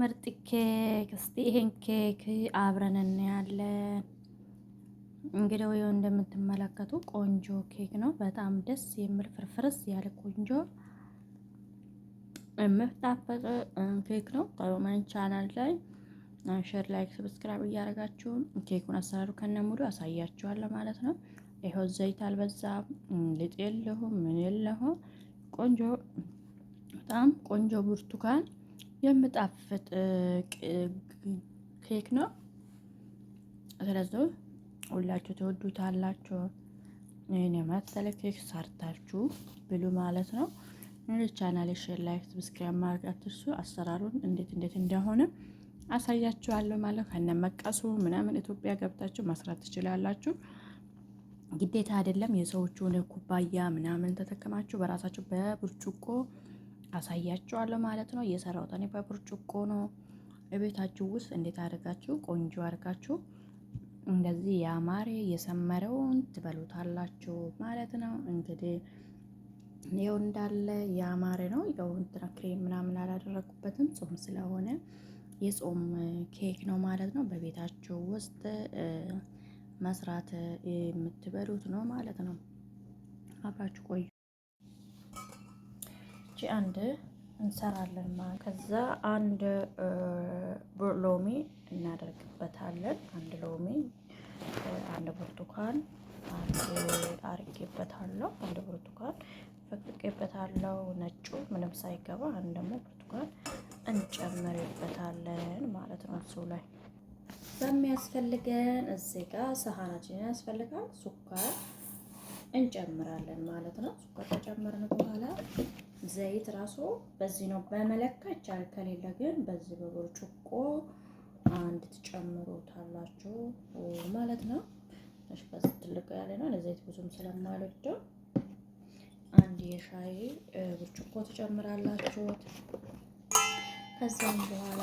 ምርጥ ኬክ። እስቲ ይሄን ኬክ አብረን እናያለን። እንግዲህ ይኸው እንደምትመለከቱ ቆንጆ ኬክ ነው። በጣም ደስ የሚል ፍርፍርስ ያለ ቆንጆ የምጣፈጥ ኬክ ነው። ታዩማን ቻናል ላይ ሼር፣ ላይክ፣ ሰብስክራይብ እያደረጋችሁ ኬኩን አሰራሩ ከነ ሙሉ አሳያችኋለሁ ማለት ነው። ይኸው ዘይት አልበዛም፣ ልጥ የለሁም፣ ምን የለሁም። ቆንጆ በጣም ቆንጆ ብርቱካን የምጣፍጥ ኬክ ነው። ስለዚህ ሁላችሁ ትወዱታላችሁ። ይህን የመሰለ ኬክ ሰርታችሁ ብሉ ማለት ነው። እንግዲህ ቻናል ሼር፣ ላይክ፣ ሰብስክራይብ ማድረግ አትርሱ። አሰራሩን እንዴት እንዴት እንደሆነ አሳያችኋለሁ ማለት ከነመቀሱ ምናምን ኢትዮጵያ ገብታችሁ መስራት ትችላላችሁ። ግዴታ አይደለም የሰዎቹን ኩባያ ምናምን ተጠቀማችሁ በራሳችሁ በብርጭቆ አሳያችኋለሁ ማለት ነው። የሰራሁት እኔ በብርጭቆ ነው። እቤታችሁ ውስጥ እንዴት አድርጋችሁ ቆንጆ አድርጋችሁ እንደዚህ ያማረ የሰመረውን ትበሉታላችሁ ማለት ነው። እንግዲህ ይኸው እንዳለ ያማረ ነው። ይኸው እንትና ክሬም ምናምን አላደረግኩበትም ጾም ስለሆነ የጾም ኬክ ነው ማለት ነው። በቤታችሁ ውስጥ መስራት የምትበሉት ነው ማለት ነው። አብራችሁ ቆዩ። እቺ አንድ እንሰራለን ማለት ከዛ አንድ ሎሚ እናደርግበታለን። አንድ ሎሚ፣ አንድ ብርቱካን አንድ አርጌበታለሁ፣ አንድ ብርቱካን ፈቅቄበታለሁ፣ ነጩ ምንም ሳይገባ አንድ ደግሞ ብርቱካን እንጨምርበታለን ማለት ነው። እሱ ላይ በሚያስፈልገን እዚህ ጋር ሰሃናችን ያስፈልጋል፣ ሱካር እንጨምራለን ማለት ነው። ሱካር ከጨመርን በኋላ ዘይት ራሱ በዚህ ነው በመለካች ከሌለ ግን በዚህ በብርጭቆ አንድ ትጨምሩታላችሁ ማለት ነው። እሺ በዚህ ትልቅ ያለ ነው ለዘይት ብዙም ስለማልወደው አንድ የሻይ ብርጭቆ ትጨምራላችሁ። ከዛም በኋላ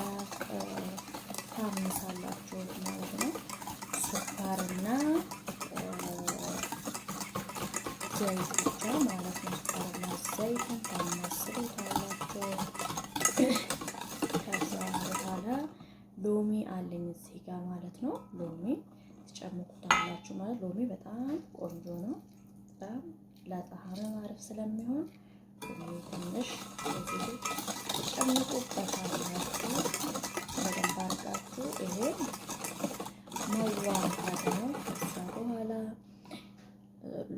ታምሳላችሁ ማለት ነው። ስኳርና ዘይት ብቻ ማለት ነው። ዘይትን ታመስሉታላችሁ። ከዛ በኋላ ሎሚ አለኝ እዚህ ጋር ማለት ነው። ሎሚ ትጨምቁታላችሁ ማለት ሎሚ በጣም ቆንጆ ነው። በጣም ለጣዕም አሪፍ ስለሚሆን ሎሚ ትንሽ ትጨምቁበታላችሁ። በደንብ አድርጋችሁ ይሄ መዋሃድ ነው። ከዛ በኋላ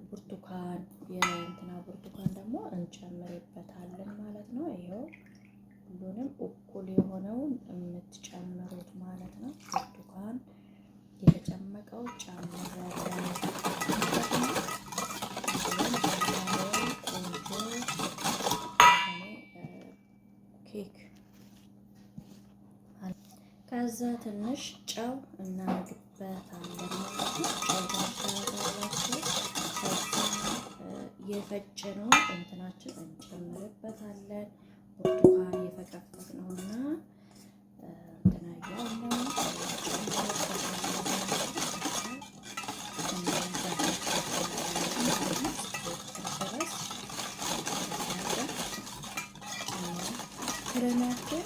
ብርቱካን የእንትና ብርቱካን ደግሞ እንጨምርበታለን ማለት ነው። ይኸው ሁሉንም እኩል የሆነውን የምትጨምሩት ማለት ነው። ብርቱካን የተጨመቀው ጨምረን ከዛ ትንሽ ጨው እናድርግበታለን። ጨው ነው እንትናችን እንጨምርበታለን። ብርቱካን የፈቀፈቅ ነውና እንትና ያለው ክረናችን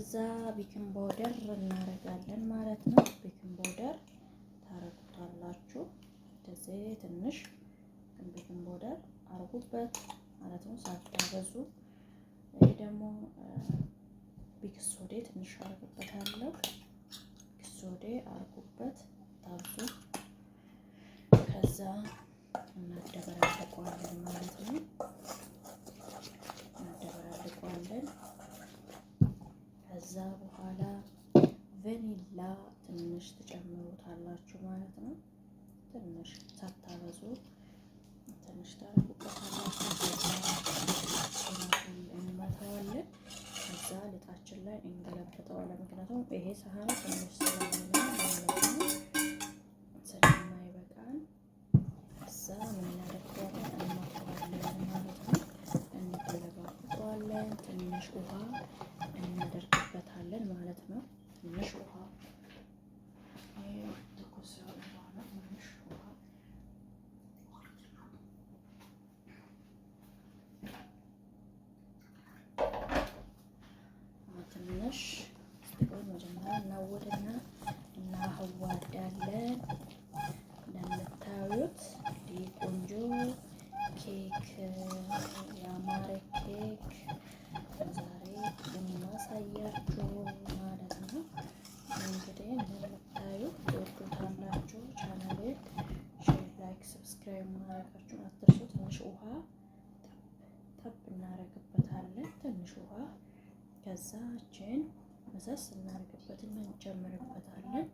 ከዛ ቤኪንግ ፓውደር እናረጋለን ማለት ነው። ቤኪንግ ፓውደር ታረጉታላችሁ። እንደዚህ ትንሽ ቤኪንግ ፓውደር አርጉበት ማለት ነው፣ ሳታበዙ። ይህ ደግሞ ቤኪንግ ሶዴ ትንሽ አርጉበታለሁ። ቤኪንግ ሶዴ አርጉበት ታብዙ። ከዛ እናደበላለቀዋለን ማለት ነው። ከዛ በኋላ ቬኒላ ትንሽ ትጨምሩታላችሁ ማለት ነው። ትንሽ ሳታበዙ ትንሽ ታረጉበታላችሁ። እንመታዋለን። ከዛ ልጣችን ላይ እንገለብጠዋለን። ምክንያቱም ይሄ ሳህን ትንሽ ስለሆነ ከዛችን መሰስ እናደርግበትና እንጨምርበታለን።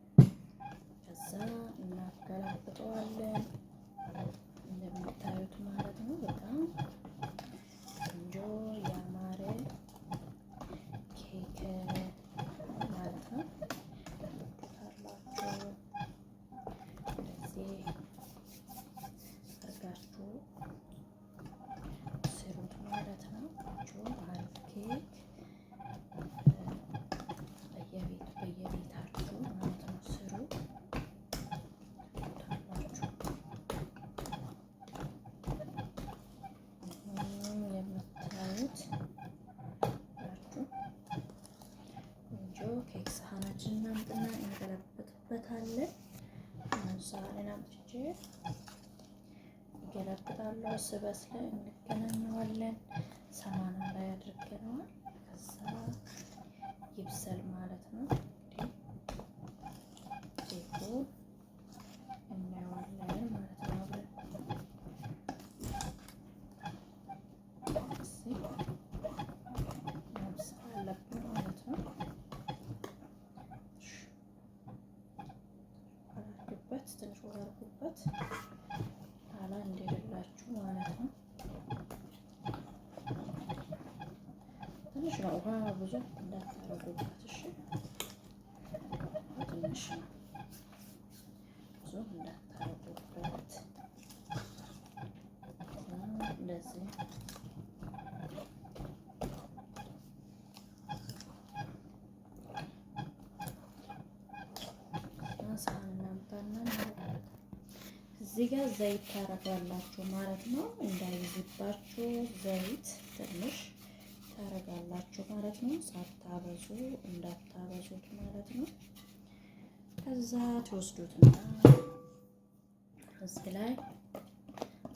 ኬክ ሳህናችን እናምጥና እንገለብጥበታለን። ሳህን አምጥቼ እገለብጣለሁ። ስበስለ እንገናኘዋለን። ሰማና ላይ አድርገነዋል። ከዛ ይብሰል ትንሽ ነው። ውሃ ብዙ እንዳታረጉባት እሺ። ትንሽ ነው፣ ብዙ እንደዚህ እዚህ ጋር ዘይት ታረጋላችሁ ማለት ነው፣ እንዳይዝባችሁ ዘይት ትንሽ ታረጋላችሁ ማለት ነው። ሳታበዙ እንዳታበዙት ማለት ነው። ከዛ ትወስዱትና እዚህ ላይ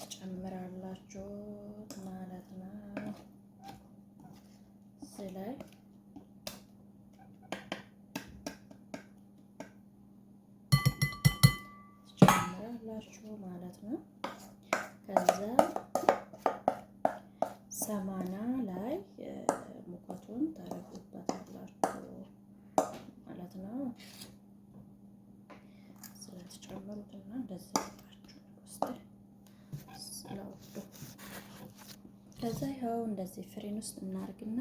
ትጨምራላችሁት ማለት ነው። እዚህ ላይ ትጨምራላችሁ ማለት ነው። ጨምሩትና እንደዛ ወጣችሁ ውስጥ ስለወጡ ከዛ ይኸው እንደዚህ ፍሬን ውስጥ እናርግና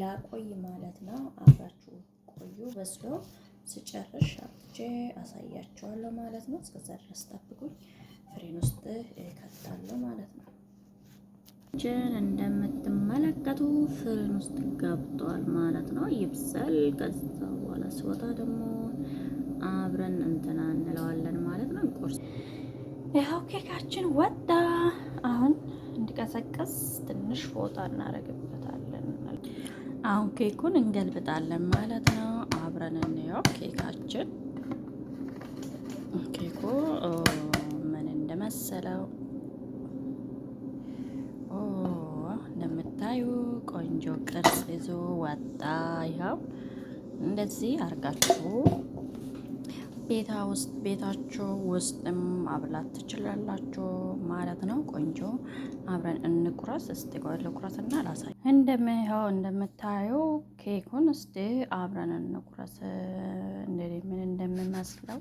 ላቆይ ማለት ነው። አብራችሁ ቆዩ። በስሎ ስጨርሽ አብቼ አሳያቸዋለሁ ማለት ነው። እስከዛ ድረስ ጠብቁኝ። ፍሬን ውስጥ ከታለሁ ማለት ነው። ጀን እንደምትመለከቱ ፍሬን ውስጥ ገብቷል ማለት ነው። ይብሰል። ከዛ በኋላ ሲወጣ ደግሞ አብረን እንትና እንለዋለን ማለት ነው። ቁርስ ይኸው ኬካችን ወጣ። አሁን እንዲቀሰቀስ ትንሽ ፎጣ እናደርግበታለን። አሁን ኬኩን እንገልብጣለን ማለት ነው። አብረን እንየው ኬካችን ኬኩ ምን እንደመሰለው እንደምታዩ ቆንጆ ቅርጽ ይዞ ወጣ። ይኸው እንደዚህ አርጋችሁ ቤታ ውስጥ ቤታችሁ ውስጥም ማብላት ትችላላችሁ ማለት ነው። ቆንጆ አብረን እንቁረስ። እስቲ ቆይ ልቁረስ እና ላሳይ። እንደምው እንደምታዩ ኬኩን እስቲ አብረን እንቁረስ እንግዲህ ምን እንደምመስለው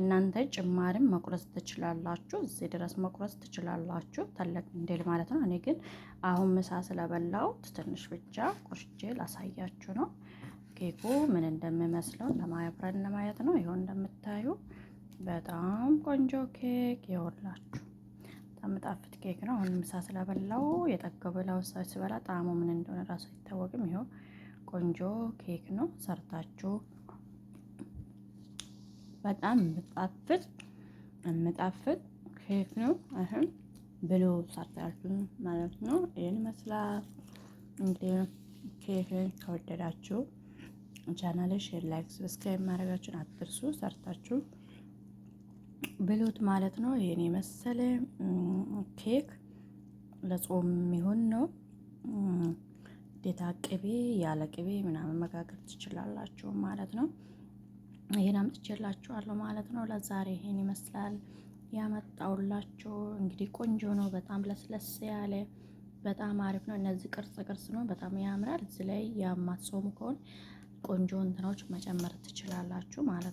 እናንተ ጭማሪም መቁረስ ትችላላችሁ። እዚህ ድረስ መቁረስ ትችላላችሁ። ተለቅ እንዴል ማለት ነው። እኔ ግን አሁን ምሳ ስለበላሁት ትንሽ ብቻ ቆርጬ ላሳያችሁ ነው። ኬኩ ምን እንደሚመስለው ለማያብረን ለማየት ነው። ይሁን እንደምታዩ በጣም ቆንጆ ኬክ የወላችሁ በጣም ጣፍጥ ኬክ ነው። አሁን ምሳ ስለበላው የጠገበ ለውሳች ሲበላ ጣዕሙ ምን እንደሆነ ራሱ አይታወቅም። ይሁን ቆንጆ ኬክ ነው። ሰርታችሁ በጣም ምጣፍጥ ምጣፍጥ ኬክ ነው። አሁን ብሎ ሰርታችሁ ማለት ነው። ይህን ይመስላል እንግዲህ ኬክን ከወደዳችሁ ቻናል ሼር፣ ላይክ፣ ሰብስክራይብ ማድረጋችሁን አትርሱ። ሰርታችሁ ብሉት ማለት ነው። ይሄን የመሰለ ኬክ ለጾም የሚሆን ነው። ዴታ ቅቤ ያለ ቅቤ ምናምን መጋገር ትችላላችሁ ማለት ነው። ይህን አምጥቼላችኋለሁ ማለት ነው። ለዛሬ ይሄን ይመስላል ያመጣውላችሁ። እንግዲህ ቆንጆ ነው። በጣም ለስለስ ያለ በጣም አሪፍ ነው። እነዚህ ቅርጽ ቅርጽ ነው። በጣም ያምራል። እዚህ ላይ ያማት ከሆነ ቆንጆ እንትኖች መጨመር ትችላላችሁ ማለት ነው።